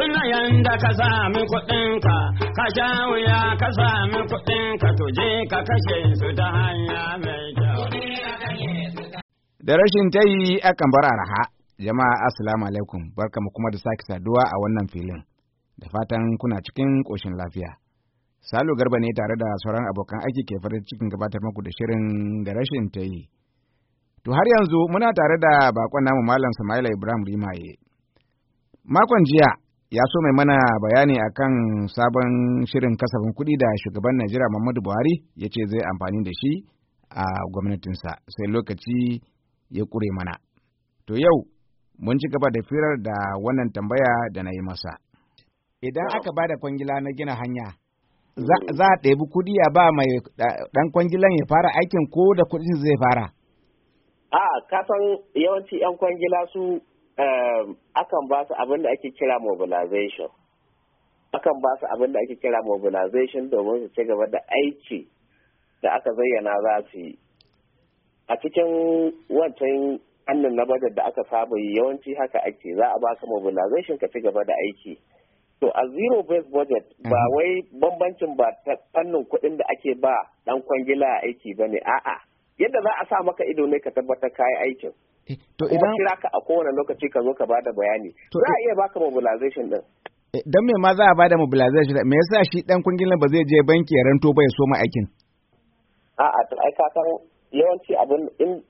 Tuna yanda ka sami kuɗinka, ka sha wuya ka sami kuɗinka je ka kashe su ta hanya mai kyau. Da rashin tayi akan bar araha. Jama'a Assalamu alaikum, barkamu kuma da sake saduwa a wannan filin. Da fatan kuna cikin ƙoshin lafiya. Salo Garba ne tare da sauran abokan aiki ke farin cikin gabatar muku da shirin da rashin tayi. To har yanzu muna tare da bakon namu Malam Samaila Ibrahim Rimaye. Makon jiya ya so mai mana bayani akan sabon shirin kasafin kuɗi da shugaban Najeriya Muhammadu Buhari ya ce zai amfani da shi a gwamnatinsa sai lokaci ya ƙure mana. To yau mun ci gaba da firar da wannan tambaya da na yi masa. Idan aka ba da kwangila na gina hanya, za a ɗebi kuɗi ya ba mai ɗan kwangilan ya fara aikin ko da kuɗin zai fara. A kasan yawanci 'yan kwangila su Ehm, akan ba su abin da ake kira mobilization akan ba su abin da ake kira mobilization domin su ci gaba da aiki da aka zayyana za su yi a cikin wancan annan na budget da aka saba yi yawanci haka ake za a su mobilization ka ci gaba da aiki to a zero based budget ba mm-hmm. wai bambancin ba ta fannin kuɗin da ake ba dan kwangila aiki ba ne a'a yadda za a sa maka ido ne ka tabbatar kayi aikin Eh, to idan kira ka a kowane lokaci ka zo ka bada bayani za a iya baka mobilization din eh, dan me ma za a bada mobilization me yasa shi dan kungiyar ba zai je banki ya ranto ba ya ma aikin a'a to ai ka yawanci abin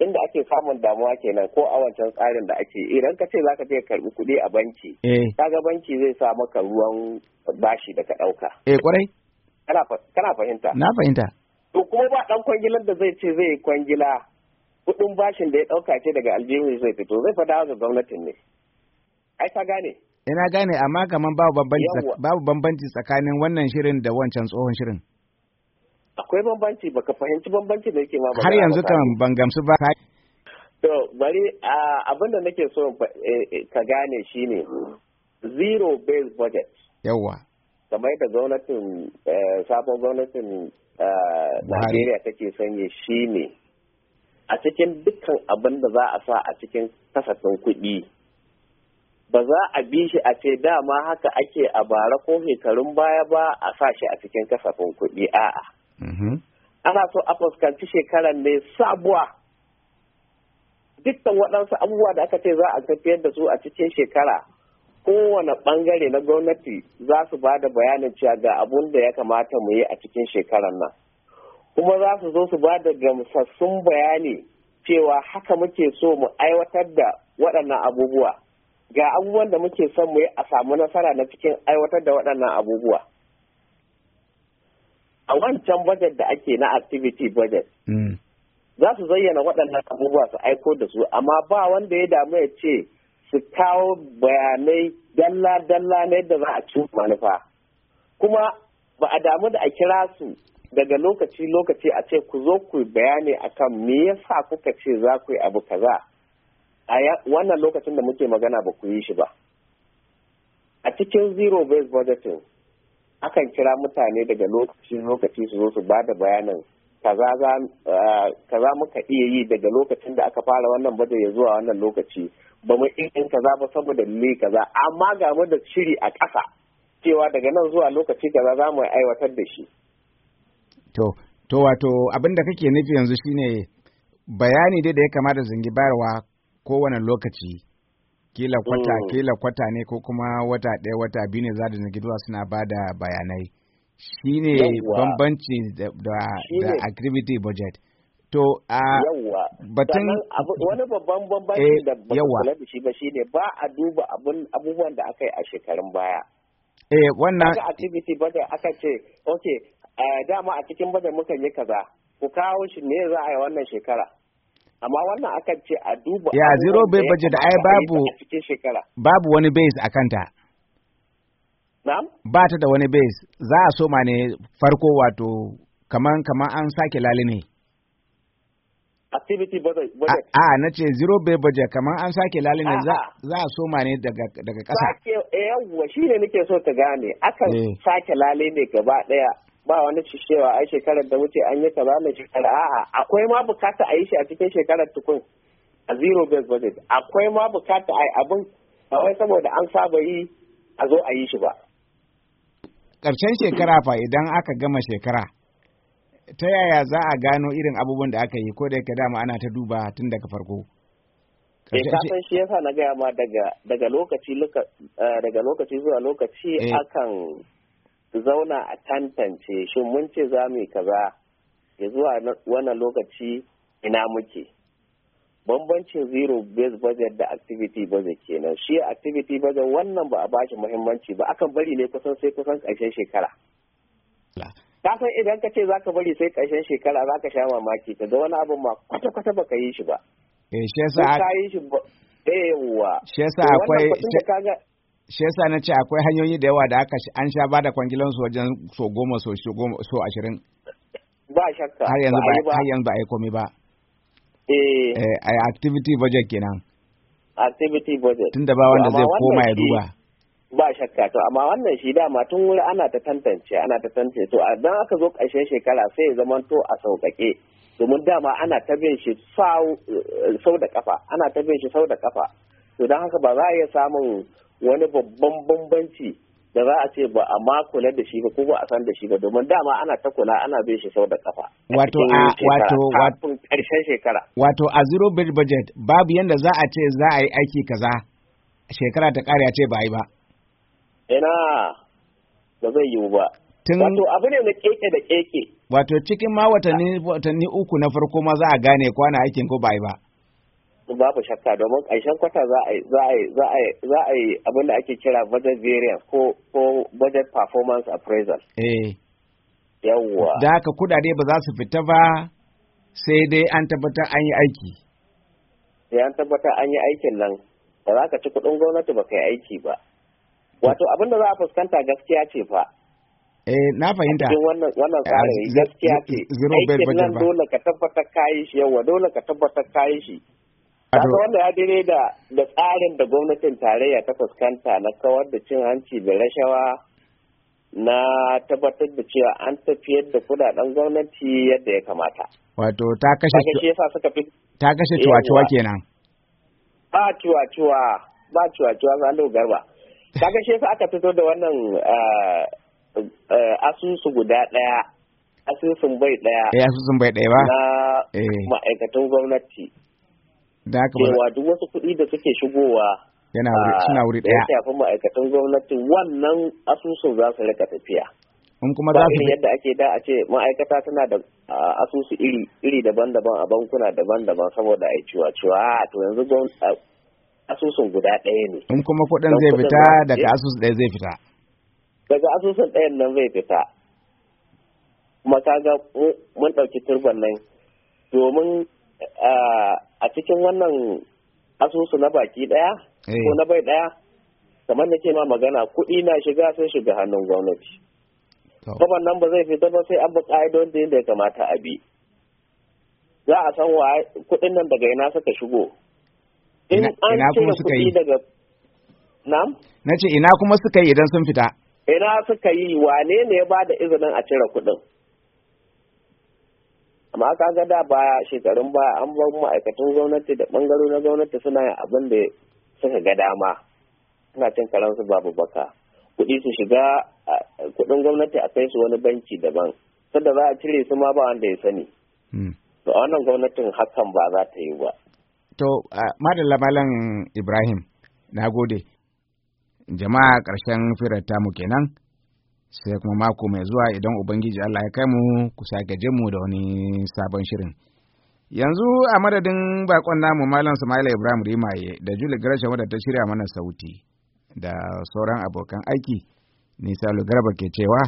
inda ake samun damuwa kenan ko a wancan tsarin da ake idan ka ce za ka je karbi kuɗi a banki eh. kaga banki zai sa maka ruwan bashi da ka ɗauka eh kwarai kana fahimta na fahimta to kuma ba dan kwangilan da zai ce zai kwangila kudin bashin da ya dauka ce daga aljihun zai fito zai fada ga gwamnatin ne ai ka gane ina eh, gane amma kaman babu bambanci babu bambanci tsakanin wannan shirin da wancan tsohon shirin akwai bambanci baka fahimci bambanci da yake ma har yanzu kan ban gamsu ba to bari abinda nake so eh, eh, ka gane shine zero based budget yawa kamar da gwamnatin sabon gwamnatin Najeriya take sanye shine a cikin dukkan abin da za a sa a cikin kasafin kuɗi ba za a bi shi a ce dama haka ake a bara ko shekarun baya ba a sa shi a cikin kasafin kuɗi a'a mm-hmm. ana so a fuskanci shekarar ne sabuwa dukkan waɗansu abubuwa da aka ce za a tafiyar da su a cikin shekara kowane ɓangare na gwamnati za su ba da bayanin cewa ga abun da ya kamata mu yi a cikin shekarar nan kuma za su zo su ba da gamsassun bayani cewa haka muke so mu aiwatar da waɗannan abubuwa ga abubuwan da muke son mu yi a samu nasara na cikin aiwatar da waɗannan abubuwa a wancan budget da ake na activity budget mm. za su zayyana waɗannan abubuwa su aiko da su amma ba wanda ya damu ya ce su kawo bayanai dalla-dalla na yadda za a ci manufa kuma ba a damu da a kira su daga lokaci lokaci a ce ku zo ku bayani akan me yasa kuka ce za ku yi abu kaza a wannan lokacin da muke magana ba ku yi shi ba a cikin zero based budgeting akan kira mutane daga lokaci lokaci su zo su ba da bayanin kaza eh, muka iya yi daga lokacin da aka fara wannan baje ya zuwa wannan lokaci ba mu in kaza ba saboda me kaza amma ga da shiri a ƙasa cewa daga nan zuwa lokaci kaza za mu aiwatar da shi To, to wato abin da kake nufi yanzu shine bayani dai da ya kamata zangi bayarwa kowane lokaci kila kwata mm. kila kwata ne ko kuma wata ɗaya wata biyu ne za da zangi zuwa suna ba da bayanai shine bambanci da, da, da activity budget. To a batun wani babban bambanci eh, da ba kula da shi ba ne ba a duba abubuwan da aka yi a shekarun baya. Eh wannan activity budget aka ce okay dama a cikin budget muka yi kaza ku kawo shi ne za a yi wannan shekara amma wannan akan ce a duba ya zero bai da ai babu babu wani base a kanta na'am ba ta da wani base za a soma ne farko wato kaman kaman an sake lali ne activity budget a na ce zero bai baje kaman an sake lali ne za a soma ne daga daga ƙasa eh, yawwa shi ne nake so ta gane akan eh. sake lali ne gaba ɗaya ba wani cewa a shekarar da wuce an yi ba mai shekara a'a akwai ma bukata a yi shi a cikin shekarar tukun a zero based budget akwai ma bukata a yi abin ba wai saboda an saba yi a zo a yi shi ba ƙarshen shekara fa idan aka gama shekara ta yaya za a gano irin abubuwan da aka yi ko da yake dama ana ta duba tun daga farko eh, shi yasa na gaya ma daga eh, lokaci zuwa lokaci eh. akan su zauna a tantance shin mun ce za mu yi kaza ya zuwa wannan lokaci ina muke bambancin zero base budget da activity budget kenan shi activity budget wannan ba a bashi muhimmanci ba akan bari ne kusan sai kusan ƙarshen shekara ka san idan ka ce zaka bari sai ƙarshen shekara zaka sha mamaki ka ga wani abin ma kwata kwata baka yi shi ba eh shi yasa ka yi shi ba shi yasa akwai shi yasa na ce akwai hanyoyi da yawa da aka an sha ba da kwangilan su wajen so goma so goma so ashirin ba shakka har yanzu ba har yanzu ba yi komai ba eh eh activity budget kenan activity budget tunda ba wanda zai koma ya duba ba shakka to amma wannan shi dama tun wuri ana ta tantance ana ta tantance to dan aka zo ƙarshen shekara sai ya zama to a sauƙaƙe domin dama ana ta bin shi sau eh, da kafa ana ta bin shi sau da kafa to dan haka ba za a iya samun wani babban bambanci da za a ce ba a ma kula da shi ba ko ba a san da shi ba domin dama ana ta kula ana bin shi sau da kafa wato a wato wato karshen shekara wato a zero bill budget babu yanda za a ce za a yi aiki kaza shekara ta kare a ce ba yi ba ina ba zai yiwu ba wato abu ne na keke da keke wato cikin ma watanni watanni uku na farko ma za a gane kwana aikin ko ba yi ba babu shakka domin ƙarshen kwata za a yi abin da ake kira budget variance ko budget performance appraisal. Eh. Yawwa. Da haka kudade ba za su fita ba sai dai an tabbatar an yi aiki. Sai an tabbatar an yi aikin nan ba za ka ci kuɗin gwamnati ba ka yi aiki ba. Wato abin da za a fuskanta gaskiya ce fa. Eh na fahimta. Cikin wannan wannan eh, tsari gaskiya ce. Aikin nan dole ka tabbatar kayi shi yawwa dole ka tabbatar kayi shi. Kaga wanda ya dire da da tsarin da gwamnatin tarayya ta fuskanta na kawar da cin hanci da rashawa na tabbatar da cewa an tafiyar da kudaden gwamnati yadda ya kamata. Wato ta kashe ta kashe cuwa-cuwa kenan. Ba cuwa-cuwa ba cuwa-cuwa Salo Garba. Ta kashe sa aka fito da wannan eh, eh, asusu guda ɗaya asusun bai ɗaya. Eh asusun bai ɗaya ba. Na eh. ma'aikatan gwamnati. da haka cewa duk wasu kuɗi da suke shigowa yana wuri ah, suna wuri daya ya shafi ma'aikatan gwamnati wannan asusun za su rika tafiya in kuma za su yadda ake da a ce ma'aikata tana da ah, asusu iri iri daban-daban a bankuna daban-daban saboda a ciwa ciwa ah, to yanzu asusun guda ɗaya ne in kuma kuɗin zai fita daga eh? asusu ɗaya zai fita daga asusun ɗayan nan zai fita kuma ka ga mun ɗauki turban nan domin a cikin wannan asusu na baki daya eh. ko na bai daya kamar da ke ma magana kuɗi na shiga sai shiga hannun gwamnati kwaban nan ba zai fi ba sai an bi ƙa'idodin da ya kamata a bi za a san wa kuɗin nan daga ina suka shigo in an cire kuɗi daga nam na ce ina kuma suka yi idan sun fita ina suka yi wane ne ya ba da izinin a cire kuɗin amma aka ga da baya shekarun baya an bar ma'aikatan gwamnati da bangaro na gwamnati suna yin abin da suka ga dama suna cin karansu babu baka kuɗi su shiga kuɗin gwamnati a kai su wani banki daban sadda za a cire su ma ba wanda ya sani hmm. to a wannan gwamnatin hakan ba za ta yi ba to madalla malam ibrahim na jama'a karshen firar tamu kenan sai kuma mako mai zuwa idan ubangiji Allah ya kai mu ku sake jin mu da wani sabon shirin yanzu a madadin bakon namu malam Sama'ila Ibrahim Rimaye da Juli Gresham wadda ta shirya mana sauti da sauran abokan aiki ni Salu Garba ke cewa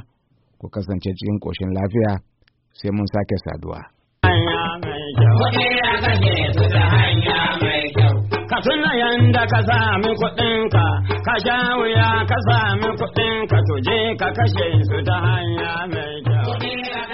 ku kasance cikin koshin lafiya sai mun sake saduwa Ka tuna yanda ka sami kuɗinka, ka sha wuya ka sami kuɗinka. je ka kashe su ta hanya mai kyau.